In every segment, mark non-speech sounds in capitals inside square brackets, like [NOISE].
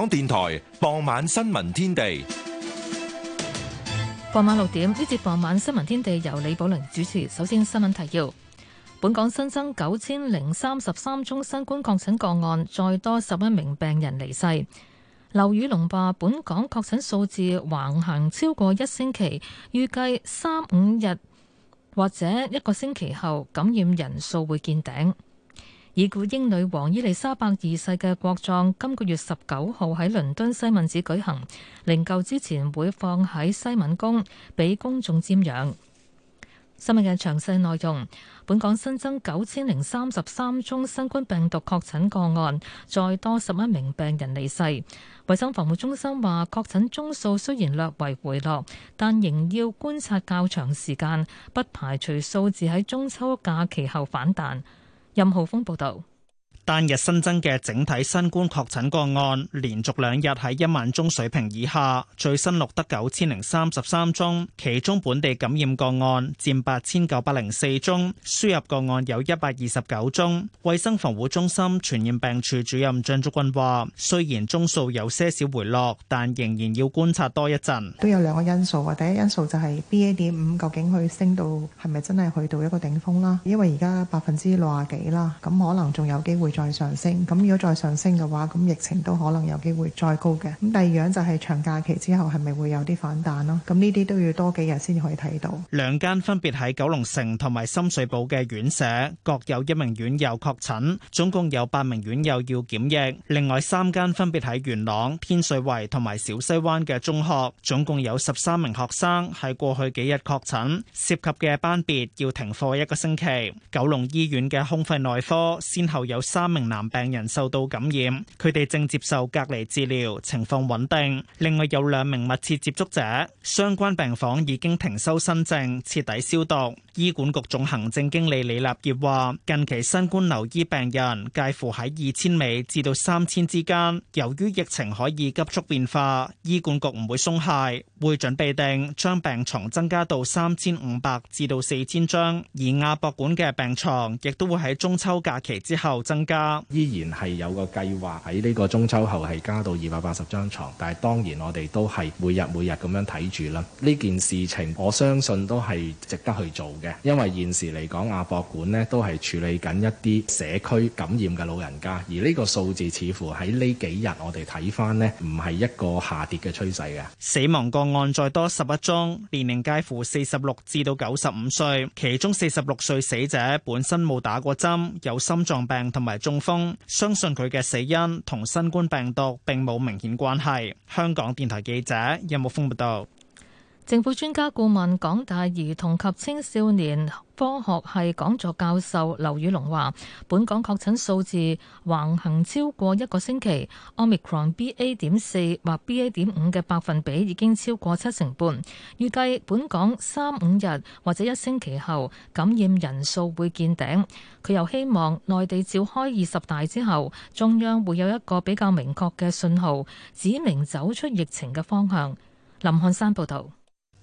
香港電台傍晚新聞天地，傍晚六點呢節傍晚新聞天地由李寶玲主持。首先新聞提要：本港新增九千零三十三宗新冠確診個案，再多十一名病人離世。劉宇隆話：本港確診數字橫行超過一星期，預計三五日或者一個星期後，感染人數會見頂。已故英女王伊麗莎白二世嘅國葬今個月十九號喺倫敦西敏寺舉行，靈柩之前會放喺西敏宮畀公眾瞻仰。新聞嘅詳細內容：本港新增九千零三十三宗新冠病毒確診個案，再多十一名病人離世。衞生防護中心話，確診宗數雖然略為回落，但仍要觀察較長時間，不排除數字喺中秋假期後反彈。任浩峰報道。單日新增嘅整體新冠確診個案連續兩日喺一萬宗水平以下，最新錄得九千零三十三宗，其中本地感染個案佔八千九百零四宗，輸入個案有一百二十九宗。衛生防護中心傳染病處主任張竹君話，雖然宗數有些少回落，但仍然要觀察多一陣。都有兩個因素啊，第一因素就係 BA.5，究竟去升到係咪真係去到一個頂峰啦？因為而家百分之六啊幾啦，咁可能仲有機會。再上升，咁如果再上升嘅話，咁疫情都可能有機會再高嘅。咁第二樣就係長假期之後係咪會有啲反彈咯？咁呢啲都要多幾日先可以睇到。兩間分別喺九龍城同埋深水埗嘅院舍，各有一名院友確診，總共有八名院友要檢疫。另外三間分別喺元朗、天水圍同埋小西灣嘅中學，總共有十三名學生喺過去幾日確診，涉及嘅班別要停課一個星期。九龍醫院嘅胸肺內科先後有三三名男病人受到感染，佢哋正接受隔離治療，情況穩定。另外有兩名密切接觸者，相關病房已經停收新症，徹底消毒。醫管局總行政經理李立業話，近期新冠留醫病人介乎喺二千尾至到三千之間。由於疫情可以急速變化，醫管局唔會鬆懈。會準備定將病床增加到三千五百至到四千張，而亞博館嘅病床亦都會喺中秋假期之後增加。依然係有個計劃喺呢個中秋後係加到二百八十張床，但係當然我哋都係每日每日咁樣睇住啦。呢件事情我相信都係值得去做嘅，因為現時嚟講亞博館呢都係處理緊一啲社區感染嘅老人家，而呢個數字似乎喺呢幾日我哋睇返呢，唔係一個下跌嘅趨勢㗎。死亡個。案再多十一宗，年齡介乎四十六至到九十五歲，其中四十六歲死者本身冇打過針，有心臟病同埋中風，相信佢嘅死因同新冠病毒並冇明顯關係。香港電台記者任木峰報道。政府專家顧問、港大兒童及青少年科學系講座教授劉宇龍話，本港確診數字橫行超過一個星期，Omicron B A 點四或 B A 點五嘅百分比已經超過七成半。預計本港三五日或者一星期後感染人數會見頂。佢又希望內地召開二十大之後，中央會有一個比較明確嘅信號，指明走出疫情嘅方向。林漢山報道。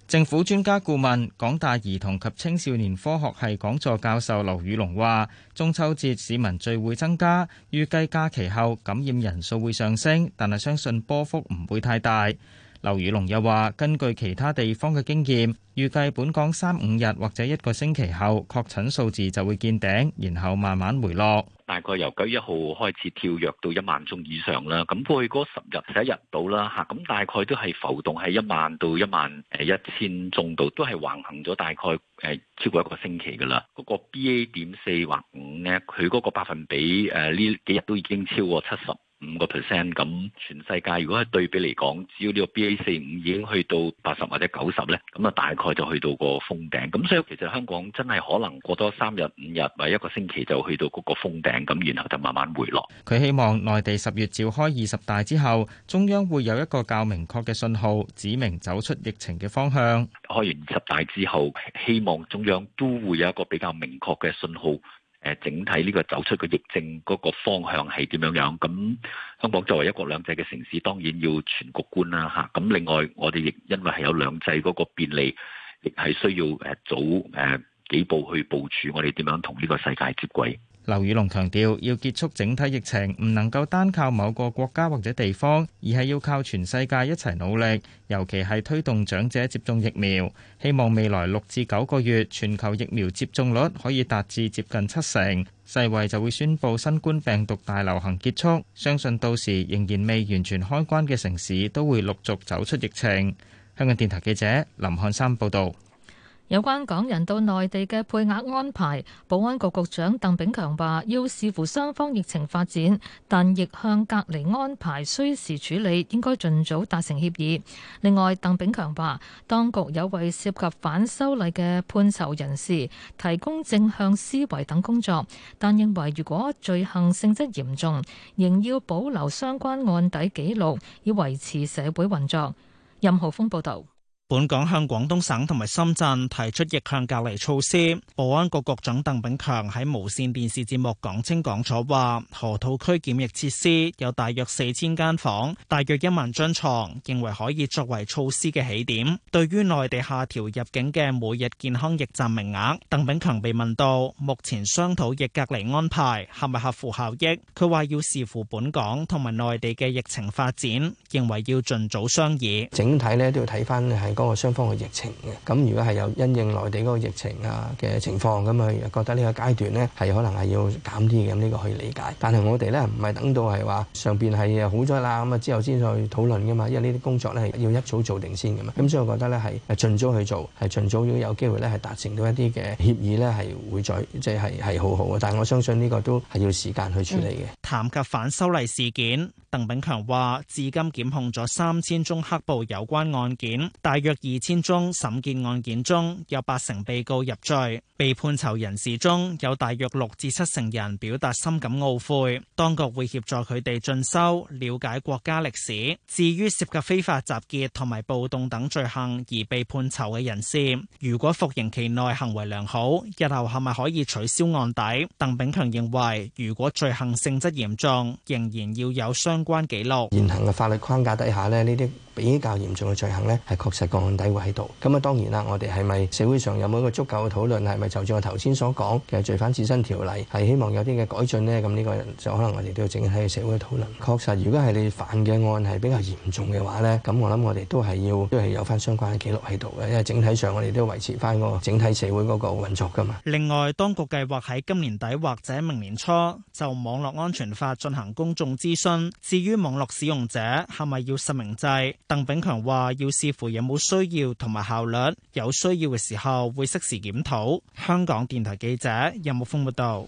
政府專家顧問、港大兒童及青少年科學系講座教授劉宇龍話：中秋節市民聚會增加，預計假期後感染人數會上升，但係相信波幅唔會太大。劉宇龍又話：根據其他地方嘅經驗，預計本港三五日或者一個星期後，確診數字就會見頂，然後慢慢回落。大概由九月一號開始跳躍到一萬宗以上啦，咁過去嗰十日、十一日到啦嚇，咁大概都係浮動喺一萬到一萬誒一千宗度，都係橫行咗大概誒超過一個星期㗎啦。嗰、嗰個 B A 點四或五咧，佢嗰個百分比誒呢、呃、幾日都已經超過七十。五個 percent 咁，全世界如果係對比嚟講，只要呢個 BA 四五已經去到八十或者九十呢，咁啊大概就去到個封頂。咁所以其實香港真係可能過多三日五日或一個星期就去到嗰個封頂，咁然後就慢慢回落。佢希望內地十月召開二十大之後，中央會有一個較明確嘅信號，指明走出疫情嘅方向。開完二十大之後，希望中央都會有一個比較明確嘅信號。整體呢個走出個疫症嗰個方向係點樣樣？咁香港作為一國兩制嘅城市，當然要全局觀啦吓。咁另外，我哋亦因為係有兩制嗰個便利，亦係需要誒早誒幾步去部署，我哋點樣同呢個世界接軌？劉宇龍強調，要結束整體疫情，唔能夠單靠某個國家或者地方，而係要靠全世界一齊努力。尤其係推動長者接種疫苗，希望未來六至九個月，全球疫苗接種率可以達至接近七成，世衛就會宣布新冠病毒大流行結束。相信到時仍然未完全開關嘅城市，都會陸續走出疫情。香港電台記者林漢山報道。有關港人到內地嘅配額安排，保安局局長鄧炳強話要視乎雙方疫情發展，但亦向隔離安排需時處理，應該盡早達成協議。另外，鄧炳強話當局有為涉及反修例嘅判囚人士提供正向思維等工作，但認為如果罪行性質嚴重，仍要保留相關案底記錄，以維持社會運作。任浩峰報導。本港向廣東省同埋深圳提出逆向隔離措施，保安局局長鄧炳強喺無綫電視節目《講清講楚》話，河套區檢疫設施有大約四千間房、大約一萬張床，認為可以作為措施嘅起點。對於內地下調入境嘅每日健康驛站名額，鄧炳強被問到目前商討逆隔離安排合唔合乎效益，佢話要視乎本港同埋內地嘅疫情發展，認為要盡早商議。整體咧都要睇翻嗰個雙方嘅疫情嘅，咁如果係有因應內地嗰個疫情啊嘅情況，咁啊覺得呢個階段呢係可能係要減啲嘅，咁呢個可以理解。但係我哋咧唔係等到係話上邊係好咗啦，咁啊之後先去討論㗎嘛，因為呢啲工作咧要一早做定先嘅嘛。咁所以我覺得咧係盡早去做，係盡早如果有機會咧係達成到一啲嘅協議咧係會再即係係好好嘅。但係我相信呢個都係要時間去處理嘅。談及反修例事件，鄧炳強話：至今檢控咗三千宗黑暴有關案件，大約，約二千宗審結案件中，有八成被告入罪，被判囚人士中有大約六至七成人表達深感懊悔。當局會協助佢哋進修、了解國家歷史。至於涉及非法集結同埋暴動等罪行而被判囚嘅人士，如果服刑期內行為良好，日後係咪可以取消案底？鄧炳強認為，如果罪行性質嚴重，仍然要有相關記錄。現行嘅法律框架底下呢，呢啲比較嚴重嘅罪行咧，係確實個案底會喺度。咁啊，當然啦，我哋係咪社會上有冇一個足夠嘅討論？係咪就正如我頭先所講嘅，罪犯自身條例係希望有啲嘅改進呢？咁呢個就可能我哋都要整體嘅社會討論。確實，如果係你犯嘅案係比較嚴重嘅話呢，咁我諗我哋都係要都係有翻相關嘅記錄喺度嘅，因為整體上我哋都要維持翻嗰個整體社會嗰個運作噶嘛。另外，當局計劃喺今年底或者明年初就網絡安全法進行公眾諮詢。至於網絡使用者係咪要實名制？鄧炳強話：要視乎有冇需要同埋效率，有需要嘅時候會適時檢討。香港電台記者任木鋒報道。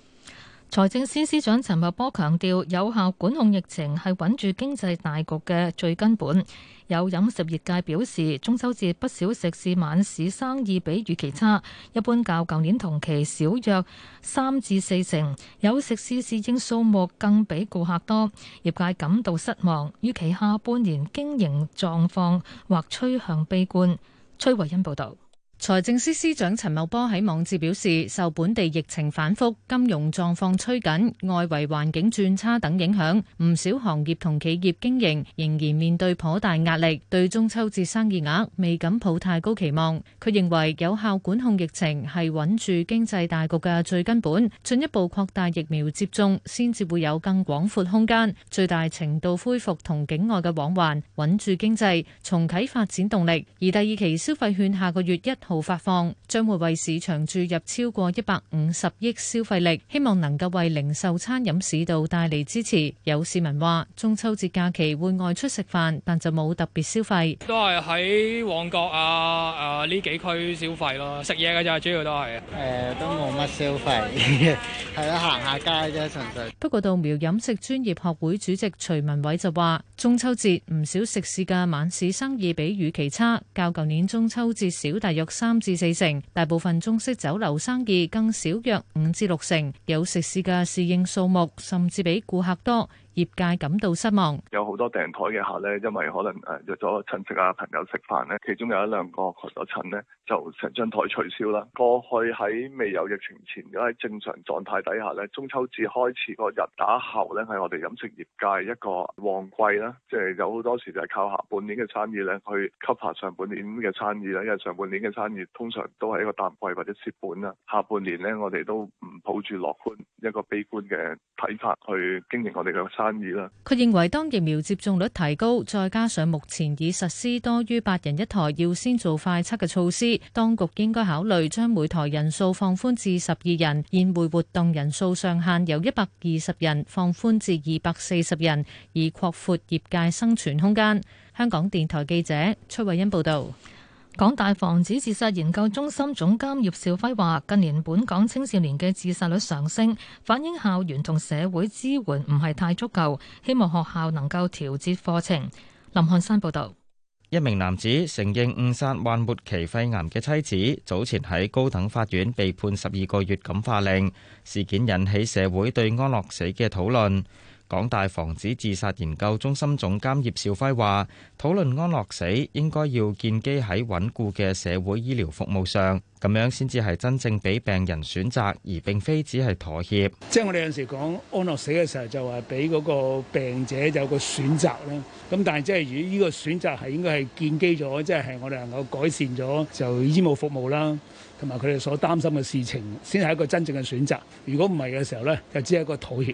財政司司長陳茂波強調，有效管控疫情係穩住經濟大局嘅最根本。有飲食業界表示，中秋節不少食肆晚市生意比預期差，一般較舊年同期少約三至四成。有食肆侍應數目更比顧客多，業界感到失望，預期下半年經營狀況或趨向悲觀。崔惠恩報導。財政司司長陳茂波喺網誌表示，受本地疫情反覆、金融狀況趨緊、外圍環境轉差等影響，唔少行業同企業經營仍然面對頗大壓力。對中秋節生意額未敢抱太高期望。佢認為有效管控疫情係穩住經濟大局嘅最根本，進一步擴大疫苗接種先至會有更廣闊空間，最大程度恢復同境外嘅往還，穩住經濟，重啟發展動力。而第二期消費券下個月一號發放，將會為市場注入超過一百五十億消費力，希望能夠為零售餐飲市道帶嚟支持。有市民話：中秋節假期會外出食飯，但就冇特別消費，都係喺旺角啊誒呢、啊、幾區消費咯，食嘢嘅咋，主要都係誒、呃、都冇乜消費，係啊、哦、 [LAUGHS] 行下街啫，純粹。不過，稻苗飲食專業學會主席徐文偉就話：中秋節唔少食肆嘅晚市生意比預期差，較舊年中秋節少大約。三至四成，大部分中式酒樓生意更少約五至六成，有食肆嘅侍應數目，甚至比顧客多。業界感到失望，有好多訂台嘅客咧，因為可能誒約咗親戚啊朋友食飯咧，其中有一兩個確咗襯咧，就成張台取消啦。過去喺未有疫情前，喺正常狀態底下咧，中秋節開始個日打後咧，係我哋飲食業界一個旺季啦，即係有好多時就係靠下半年嘅生意咧去吸下上半年嘅生意啦，因為上半年嘅生意通常都係一個淡季或者蝕本啦。下半年咧，我哋都唔抱住樂觀一個悲觀嘅睇法去經營我哋嘅生意。佢認為，當疫苗接種率提高，再加上目前已實施多於八人一枱要先做快測嘅措施，當局應該考慮將每枱人數放寬至十二人，宴會活動人數上限由一百二十人放寬至二百四十人，以擴闊業界生存空間。香港電台記者崔慧欣報道。港大防止自殺研究中心總監葉兆輝，話近年本港青少年嘅自殺率上升，反映校園同社會支援唔係太足夠，希望學校能夠調節課程。林漢山報道。一名男子承認誤殺患末期肺癌嘅妻子，早前喺高等法院被判十二個月感化令。事件引起社會對安樂死嘅討論。港大防止自殺研究中心總監葉兆輝話，討論安樂死應該要建基喺穩固嘅社會醫療服務上，咁樣先至係真正俾病人選擇，而並非只係妥協。即係我哋有陣時講安樂死嘅時候，就話俾嗰個病者有個選擇啦。咁但係即係如果呢個選擇係應該係建基咗，即係我哋能夠改善咗就醫務服務啦，同埋佢哋所擔心嘅事情，先係一個真正嘅選擇。如果唔係嘅時候咧，就只係一個妥協。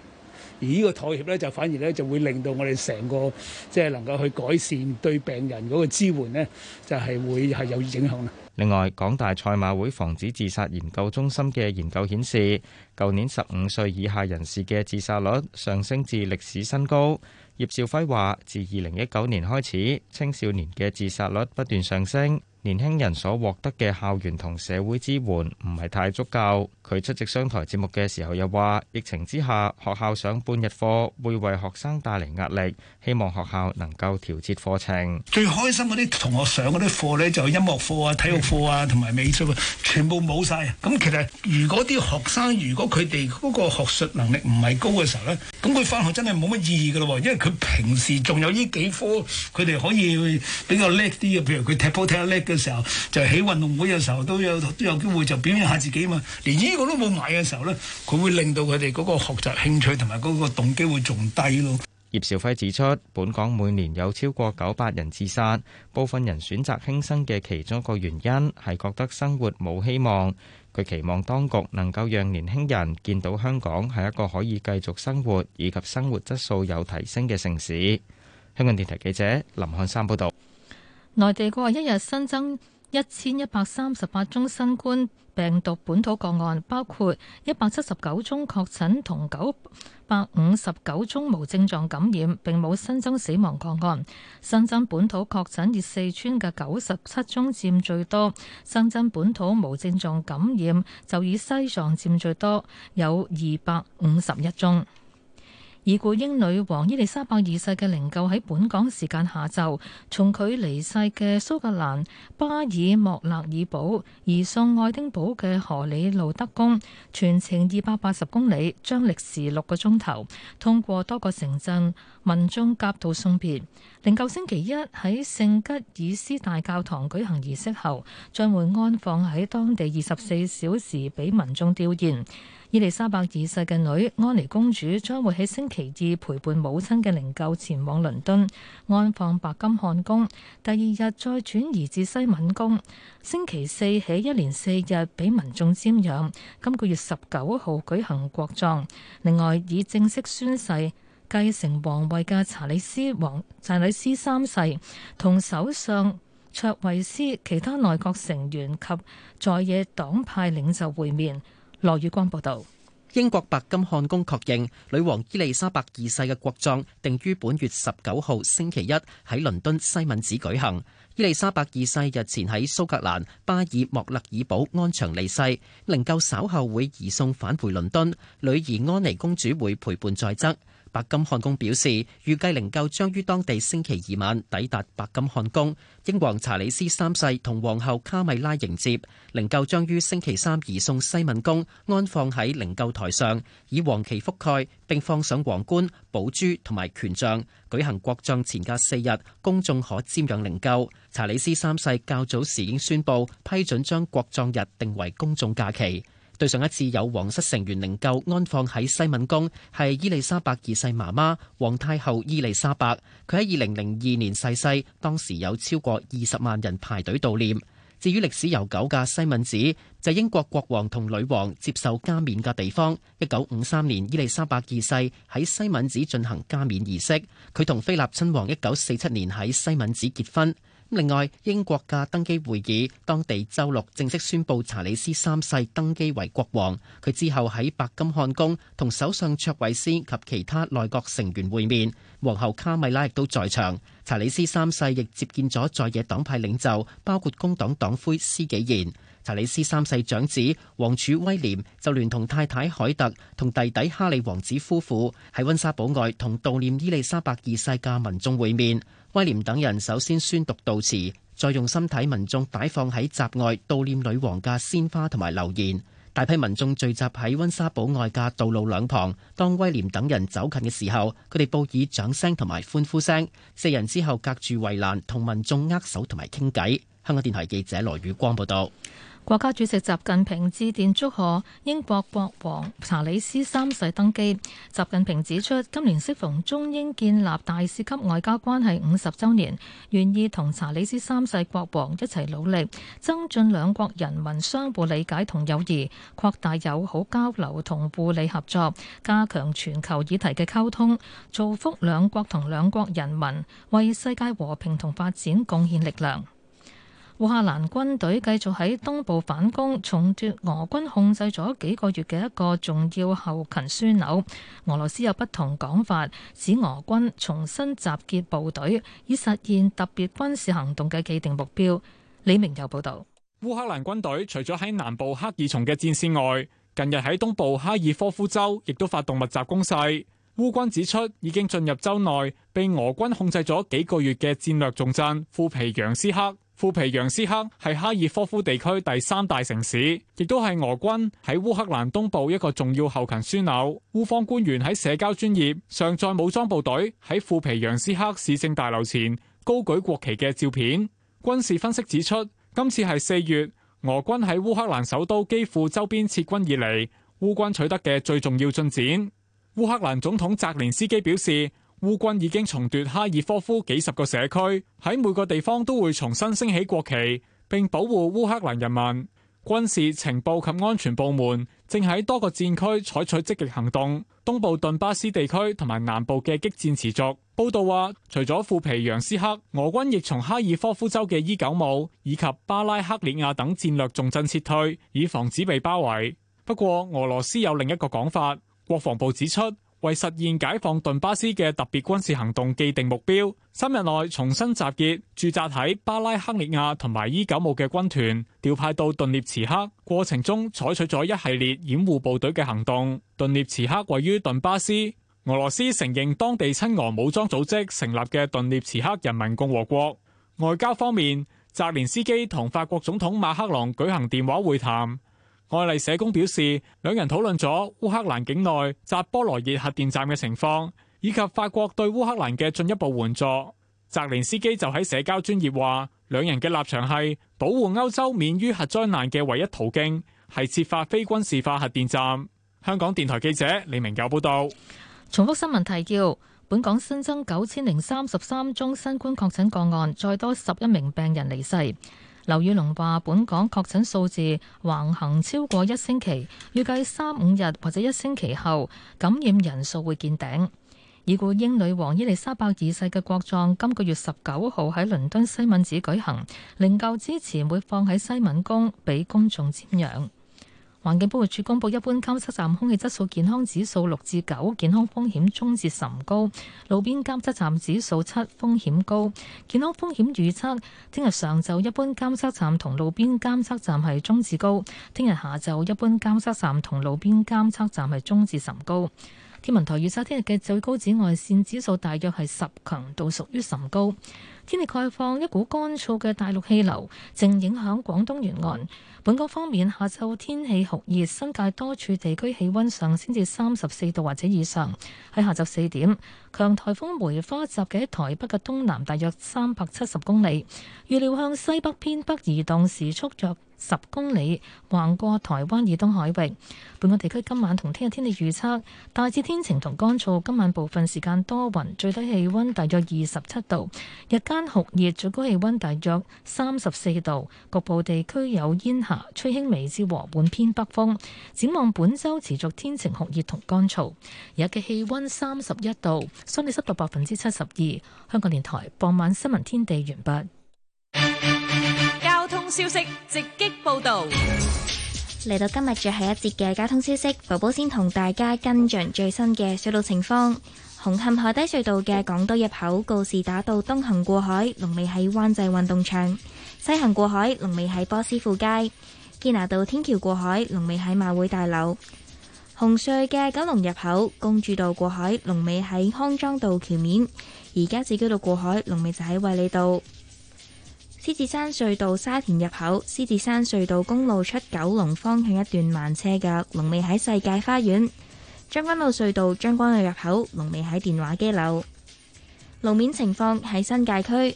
而呢個妥協咧，就反而咧就會令到我哋成個即係能夠去改善對病人嗰個支援呢，就係會係有影響啦。另外，港大賽馬會防止自殺研究中心嘅研究顯示，舊年十五歲以下人士嘅自殺率上升至歷史新高。葉兆輝話，自二零一九年開始，青少年嘅自殺率不斷上升。年輕人所獲得嘅校園同社會支援唔係太足夠。佢出席商台節目嘅時候又話：疫情之下，學校上半日課會為學生帶嚟壓力。希望學校能夠調節課程。最開心嗰啲同學上嗰啲課呢，就音樂課啊、體育課啊同埋美術啊，全部冇晒。咁其實如果啲學生如果佢哋嗰個學術能力唔係高嘅時候呢，咁佢返學真係冇乜意義㗎咯。因為佢平時仲有呢幾科，佢哋可以比較叻啲嘅，譬如佢踢波踢得叻嘅。時候就喺運動會嘅時候都有都有機會就表現下自己嘛。連呢個都冇買嘅時候咧，佢會令到佢哋嗰個學習興趣同埋嗰個動機會仲低咯。葉兆輝指出，本港每年有超過九百人自殺，部分人選擇輕生嘅其中一個原因係覺得生活冇希望。佢期望當局能夠讓年輕人見到香港係一個可以繼續生活以及生活質素有提升嘅城市。香港電台記者林漢山報導。內地過一日新增一千一百三十八宗新冠病毒本土個案，包括一百七十九宗確診同九百五十九宗無症狀感染，並冇新增死亡個案。新增本土確診以四川嘅九十七宗佔最多，新增本土無症狀感染就以西藏佔最多，有二百五十一宗。已故英女王伊麗莎白二世嘅靈柩喺本港時間下晝從佢離世嘅蘇格蘭巴爾莫勒爾堡移送愛丁堡嘅荷里路德宮，全程二百八十公里，將歷時六個鐘頭，通過多個城鎮，民眾夾道送別。靈柩星期一喺聖吉爾斯大教堂舉行儀式後，將會安放喺當地二十四小時俾民眾吊唁。伊麗莎白二世嘅女安妮公主將會喺星期二陪伴母親嘅靈柩前往倫敦安放白金漢宮，第二日再轉移至西敏宮，星期四起一連四日俾民眾瞻仰。今個月十九號舉行國葬。另外，以正式宣誓繼承皇位嘅查理斯王查理斯三世同首相卓維斯、其他內閣成員及在野黨派領袖會面。羅宇光報道，英國白金漢宮確認，女王伊麗莎白二世嘅國葬定於本月十九號星期一喺倫敦西敏寺舉行。伊麗莎白二世日前喺蘇格蘭巴爾莫勒爾堡安詳離世，靈柩稍後會移送返回倫敦，女兒安妮公主會陪伴在側。白金漢宮表示，預計靈柩將於當地星期二晚抵達白金漢宮。英皇查理斯三世同皇后卡米拉迎接靈柩，將於星期三移送西敏宮，安放喺靈柩台上，以黃旗覆蓋並放上皇冠、寶珠同埋權杖。舉行國葬前隔四日，公眾可瞻仰靈柩。查理斯三世較早時已經宣布批准將國葬日定為公眾假期。對上一次有皇室成員靈柩安放喺西敏宮，係伊利沙伯二世媽媽皇太后伊利沙伯。佢喺二零零二年逝世，當時有超過二十萬人排隊悼念。至於歷史悠久嘅西敏寺，就係英國國王同女王接受加冕嘅地方。一九五三年，伊利沙伯二世喺西敏寺進行加冕儀式。佢同菲臘親王一九四七年喺西敏寺結婚。另外，英國嘅登基會議，當地週六正式宣布查理斯三世登基為國王。佢之後喺白金漢宮同首相卓慧思及其他內閣成員會面，皇后卡米拉亦都在場。查理斯三世亦接見咗在野黨派領袖，包括工黨黨魁施紀賢。查理斯三世長子王儲威廉就聯同太太凱特同弟弟哈利王子夫婦喺溫莎堡外同悼念伊麗莎白二世嘅民眾會面。威廉等人首先宣讀悼詞，再用心睇民眾擺放喺閘外悼念女王嘅鮮花同埋留言。大批民眾聚集喺温莎堡外嘅道路兩旁，當威廉等人走近嘅時候，佢哋報以掌聲同埋歡呼聲。四人之後隔住圍欄同民眾握手同埋傾偈。香港電台記者羅宇光報道。國家主席習近平致電祝賀英國國王查理斯三世登基。習近平指出，今年適逢中英建立大使級外交關係五十週年，願意同查理斯三世國王一齊努力，增進兩國人民相互理解同友誼，擴大友好交流同互利合作，加強全球議題嘅溝通，造福兩國同兩國人民，為世界和平同發展貢獻力量。烏克蘭軍隊繼續喺東部反攻，重奪俄軍控制咗幾個月嘅一個重要後勤樞紐。俄羅斯有不同講法，指俄軍重新集結部隊，以實現特別軍事行動嘅既定目標。李明又報道，烏克蘭軍隊除咗喺南部克爾松嘅戰線外，近日喺東部哈爾科夫州亦都發動密集攻勢。烏軍指出，已經進入州內被俄軍控制咗幾個月嘅戰略重鎮庫皮揚斯克。富皮揚斯克係哈爾科夫地區第三大城市，亦都係俄軍喺烏克蘭東部一個重要後勤樞紐。烏方官員喺社交專業上載武裝部隊喺庫皮揚斯克市政大樓前高舉國旗嘅照片。軍事分析指出，今次係四月俄軍喺烏克蘭首都基輔周邊撤軍以嚟烏軍取得嘅最重要進展。烏克蘭總統澤連斯基表示。烏軍已經重奪哈爾科夫幾十個社區，喺每個地方都會重新升起國旗，並保護烏克蘭人民。軍事情報及安全部門正喺多個戰區採取積極行動。東部頓巴斯地區同埋南部嘅激戰持續。報導話，除咗庫皮揚斯克，俄軍亦從哈爾科夫州嘅伊久姆以及巴拉克里亞等戰略重鎮撤退，以防止被包圍。不過，俄羅斯有另一個講法。國防部指出。為實現解放頓巴斯嘅特別軍事行動既定目標，三日內重新集結駐紮喺巴拉克利亞同埋伊久姆嘅軍團，調派到頓涅茨克過程中，採取咗一系列掩護部隊嘅行動。頓涅茨克位於頓巴斯，俄羅斯承認當地親俄武裝組織成立嘅頓涅茨克人民共和國。外交方面，澤連斯基同法國總統馬克龍舉行電話會談。外嚟社工表示，兩人討論咗烏克蘭境內扎波羅熱核電站嘅情況，以及法國對烏克蘭嘅進一步援助。澤連斯基就喺社交專業話，兩人嘅立場係保護歐洲免於核災難嘅唯一途徑，係設法非軍事化核電站。香港電台記者李明九報道。重複新聞提要：本港新增九千零三十三宗新冠確診個案，再多十一名病人離世。劉宇龍話：本港確診數字橫行超過一星期，預計三五日或者一星期後，感染人數會見頂。已故英女王伊麗莎白二世嘅國葬今個月十九號喺倫敦西敏寺舉行，靈柩之前會放喺西敏宮俾公眾瞻仰。環境保護署公布一般監測站空氣質素健康指數六至九，健康風險中至甚高；路邊監測站指數七，風險高。健康風險預測：聽日上晝一般監測站同路邊監測站係中至高；聽日下晝一般監測站同路邊監測站係中至甚高。天文台預測聽日嘅最高紫外線指數大約係十強度，屬於甚高。天氣概況，一股乾燥嘅大陸氣流正影響廣東沿岸。本港方面，下晝天氣酷熱，新界多處地區氣温上升至三十四度或者以上。喺下晝四點，強颱風梅花集結喺台北嘅東南，大約三百七十公里，預料向西北偏北移動時速約十公里橫過台灣以東海域。本港地區今晚同聽日天氣預測大致天晴同乾燥，今晚部分時間多雲，最低氣溫大約二十七度，日間酷熱，最高氣溫大約三十四度，局部地區有煙霞，吹輕微至和緩偏北風，展望本周持續天晴酷熱同乾燥，日嘅氣溫三十一度，相對濕度百分之七十二。香港電台傍晚新聞天地完畢。 [MUSIC] 消息直擊報道嚟到今日最後一節嘅交通消息，寶寶先同大家跟進最新嘅隧道情況。紅磡海底隧道嘅港島入口告士打道東行過海，龍尾喺灣仔運動場；西行過海，龍尾喺波斯富街。堅拿道天橋過海，龍尾喺馬會大樓。紅隧嘅九龍入口公主道過海，龍尾喺康莊道橋面。而家自己道過海，龍尾就喺衛理道。獅子山隧道沙田入口、獅子山隧道公路出九龍方向一段慢車嘅龍尾喺世界花園；將軍澳隧道將軍澳入口龍尾喺電話機樓。路面情況喺新界區，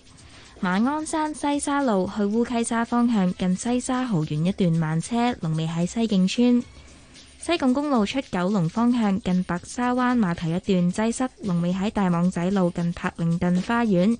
馬鞍山西沙路去烏溪沙方向近西沙豪園一段慢車，龍尾喺西徑村；西貢公路出九龍方向近白沙灣碼頭一段擠塞，龍尾喺大網仔路近柏靈頓花園。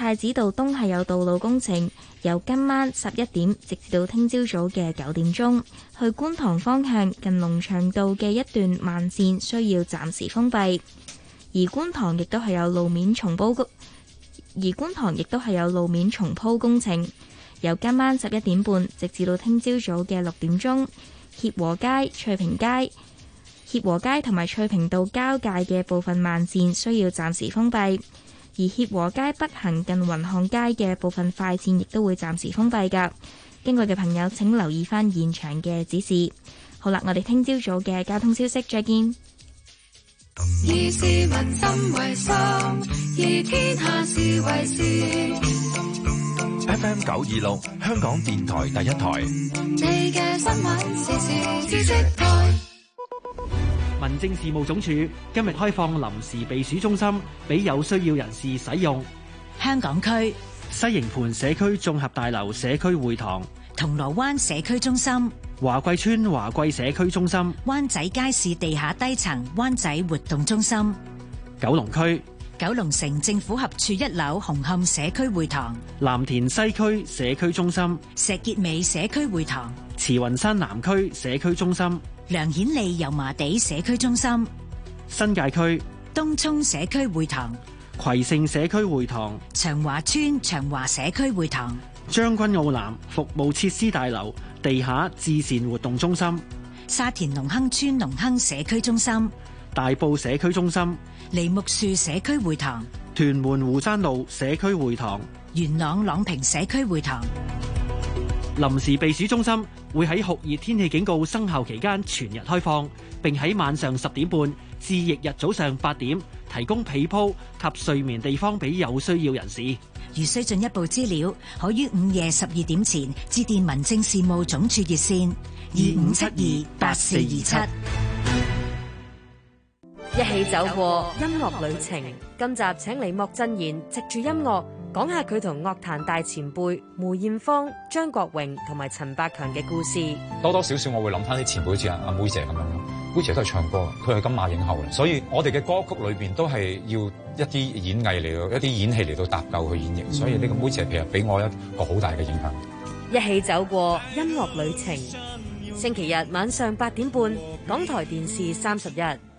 太子道東係有道路工程，由今晚十一點直至到聽朝早嘅九點鐘，去觀塘方向近農場道嘅一段慢綫需要暫時封閉。而觀塘亦都係有路面重鋪工，而觀塘亦都係有路面重鋪工程，由今晚十一點半直至到聽朝早嘅六點鐘，協和街、翠屏街、協和街同埋翠屏道交界嘅部分慢綫需要暫時封閉。而協和街北行近雲漢街嘅部分快線亦都會暫時封閉㗎，經過嘅朋友請留意返現場嘅指示。好啦，我哋聽朝早嘅交通消息，再見。F M 九二六，香港電台第一台。民政事務總署今日開放臨時避暑中心畀有需要人士使用，香港區，西營盤社區綜合大樓社區會堂、銅鑼灣社區中心、華貴村華貴社區中心灣仔街市地下低層灣仔活動中心，九龍區，九龍城政府合署一樓、紅磡社區會堂、藍田西區社區中心、石硤尾社區會堂、慈雲山南區社區中心、梁顯利油麻地社區中心，新界區東涌社區會堂，葵盛社區會堂，長華村長華社區會堂，將軍澳南服務設施大樓地下自善活動中心，沙田隆亨村隆亨社區中心，大埔社區中心，梨木樹社區會堂，屯門湖山路社區會堂，元朗朗屏社區會堂。臨時避暑中心會喺酷熱天氣警告生效期間全日開放，並喺晚上十點半至翌日早上八點提供被鋪及睡眠地方俾有需要人士。如需進一步資料，可於午夜十二點前致電民政事務總處熱線二五七二八四二七。一起走過音樂旅程，今集請嚟莫振言藉住音樂。講下佢同樂壇大前輩梅艷芳、張國榮同埋陳百強嘅故事。多多少少我會諗翻啲前輩好似阿阿梅姐咁樣，梅姐都係唱歌，佢係金馬影后，所以我哋嘅歌曲裏邊都係要一啲演藝嚟，一啲演戲嚟到搭救去演繹。所以呢個梅姐其實俾我一個好大嘅影響。嗯，一起走過音樂旅程，星期日晚上八點半，港台電視三十一。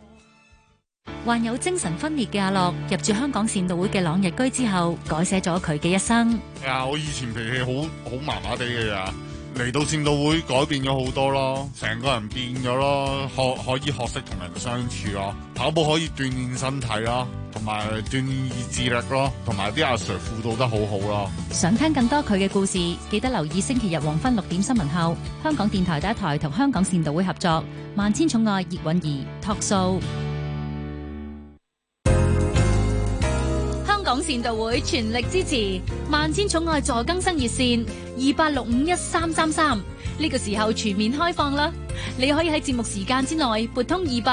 患有精神分裂嘅阿樂入住香港善導會嘅朗日居之後，改寫咗佢嘅一生啊、哎！我以前脾氣好好麻麻地嘅啊，嚟到善導會改變咗好多咯，成個人變咗咯，可可以學識同人相處咯，跑步可以鍛煉身體咯，同埋鍛煉意志力咯，同埋啲阿 sir 輔導得好好咯。想聽更多佢嘅故事，記得留意星期日黃昏六點新聞後，香港電台第一台同香港善導會合作《萬千寵愛葉允兒》托數。港善道會全力支持萬千寵愛助更生熱線二八六五一三三三，呢個時候全面開放啦！你可以喺節目時間之內撥通二八。